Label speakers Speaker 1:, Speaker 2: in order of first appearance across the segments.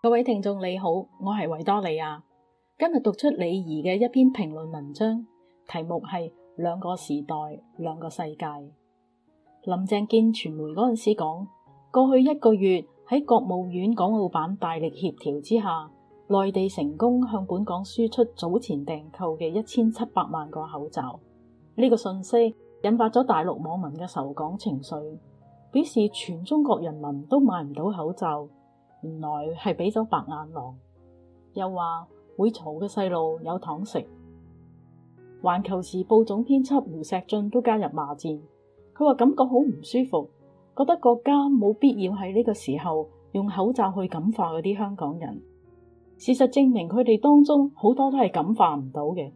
Speaker 1: 各位聽眾你好，我係維多利亞，今日讀出李怡嘅一篇評論文章，題目係兩個時代，兩個世界。林鄭見傳媒嗰陣時講，過去一個月喺國務院港澳辦大力協調之下，內地成功向本港輸出早前訂購嘅一千七百萬個口罩。呢、這個信息引發咗大陸網民嘅仇港情緒，表示全中國人民都買唔到口罩。原來係俾咗白眼狼，又話會嘈嘅細路有糖食。環球時報總編輯胡錫進都加入罵戰，佢話感覺好唔舒服，覺得國家冇必要喺呢個時候用口罩去感化嗰啲香港人。事實證明，佢哋當中好多都係感化唔到嘅。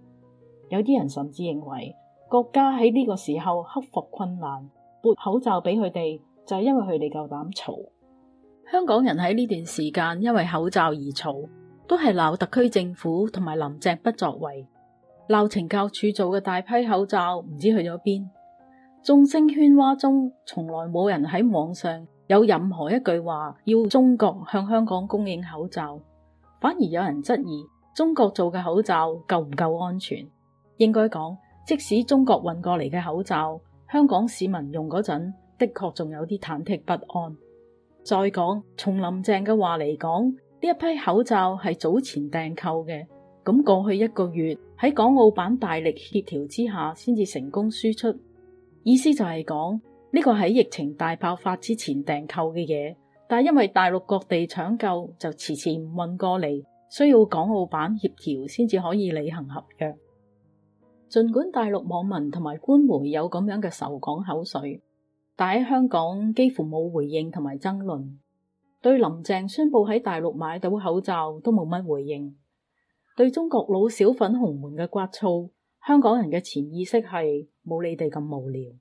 Speaker 1: 有啲人甚至認為，國家喺呢個時候克服困難撥口罩俾佢哋，就係因為佢哋夠膽嘈。香港人喺呢段時間因為口罩而吵，都係鬧特區政府同埋林鄭不作為，鬧懲教處做嘅大批口罩唔知去咗邊。眾聲喧嘩中，從來冇人喺網上有任何一句話要中國向香港供應口罩，反而有人質疑中國做嘅口罩夠唔夠安全。應該講，即使中國運過嚟嘅口罩，香港市民用嗰陣的確仲有啲忐忑不安。再講，從林鄭嘅話嚟講，呢一批口罩係早前訂購嘅，咁過去一個月喺港澳版大力協調之下，先至成功輸出。意思就係講呢個喺疫情大爆發之前訂購嘅嘢，但係因為大陸各地搶救就遲遲唔運過嚟，需要港澳版協調先至可以履行合約。儘管大陸網民同埋官媒有咁樣嘅仇港口水。喺香港幾乎冇回應同埋爭論，對林鄭宣布喺大陸買到口罩都冇乜回應。對中國老小粉紅們嘅聒噪，香港人嘅潛意識係冇你哋咁無聊。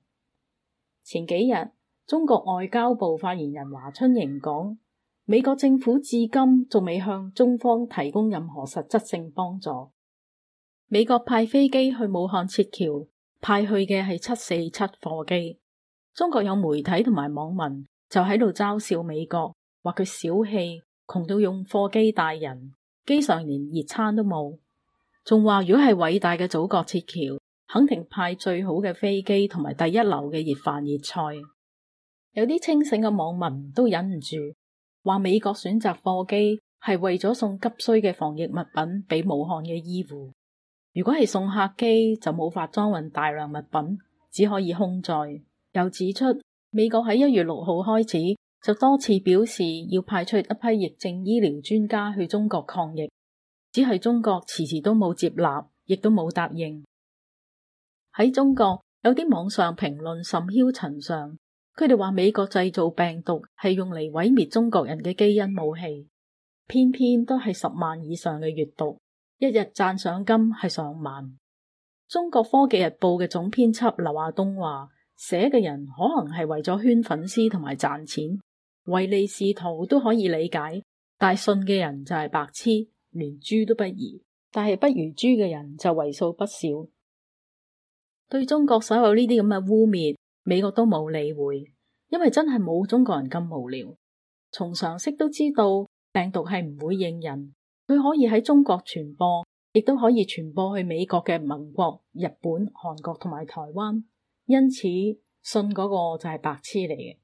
Speaker 1: 前幾日，中國外交部發言人華春瑩講，美國政府至今仲未向中方提供任何實質性幫助。美國派飛機去武漢撤僑，派去嘅係七四七貨機。中國有媒體同埋網民就喺度嘲笑美國，話佢小氣，窮到用貨機帶人，機上連熱餐都冇，仲話如果係偉大嘅祖國撤僑，肯定派最好嘅飛機同埋第一流嘅熱飯熱菜。有啲清醒嘅網民都忍唔住話，美國選擇貨機係為咗送急需嘅防疫物品俾武漢嘅醫護。如果係送客機，就冇法裝運大量物品，只可以空載。又指出，美國喺一月六號開始就多次表示要派出一批疫症醫療專家去中國抗疫，只係中國遲遲都冇接納，亦都冇答應。喺中國有啲網上評論甚囂塵上，佢哋話美國製造病毒係用嚟毀滅中國人嘅基因武器，偏偏都係十萬以上嘅閱讀，一日讚賞金係上萬。中國科技日報嘅總編輯劉亞東話。寫嘅人可能係為咗圈粉絲同埋賺錢，唯利是圖都可以理解。但係信嘅人就係白痴，連豬都不如。但係不如豬嘅人就為數不少。對中國所有呢啲咁嘅污衊，美國都冇理會，因為真係冇中國人咁無聊。從常識都知道，病毒係唔會認人，佢可以喺中國傳播，亦都可以傳播去美國嘅盟國、日本、韓國同埋台灣。因此，信嗰個就係白痴嚟嘅。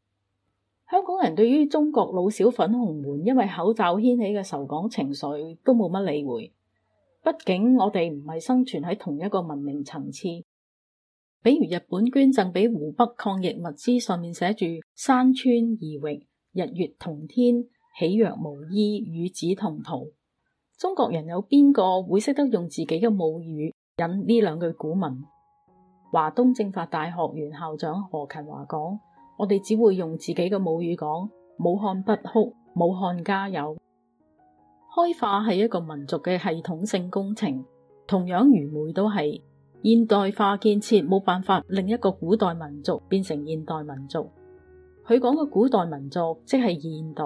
Speaker 1: 香港人對於中國老小粉紅們，因為口罩掀起嘅仇港情緒都冇乜理會，畢竟我哋唔係生存喺同一個文明層次。比如日本捐贈俾湖北抗疫物資上面寫住山川異域，日月同天，豈曰無衣，與子同袍。中國人有邊個會識得用自己嘅母語引呢兩句古文？華東政法大學原校長何勤華講，我哋只會用自己嘅母語講，武漢不哭，武漢加油。開化係一個民族嘅系統性工程，同樣愚昧都係現代化建設，冇辦法令一個古代民族變成現代民族。佢講嘅古代民族，即係現代，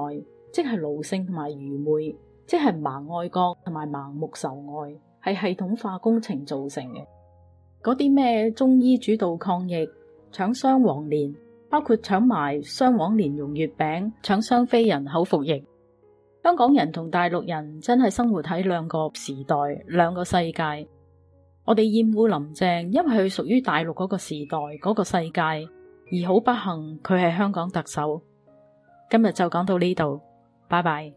Speaker 1: 即係奴性同埋愚昧，即係盲愛國同埋盲目受愛，係系統化工程造成嘅。嗰啲咩中醫主導抗疫，搶雙黃連，包括搶埋雙黃蓮蓉月餅，搶雙飛人口服液。香港人同大陸人真係生活喺兩個時代、兩個世界。我哋厭惡林鄭，因為佢屬於大陸嗰個時代、嗰個世界，而好不幸佢係香港特首。今日就講到呢度，拜拜。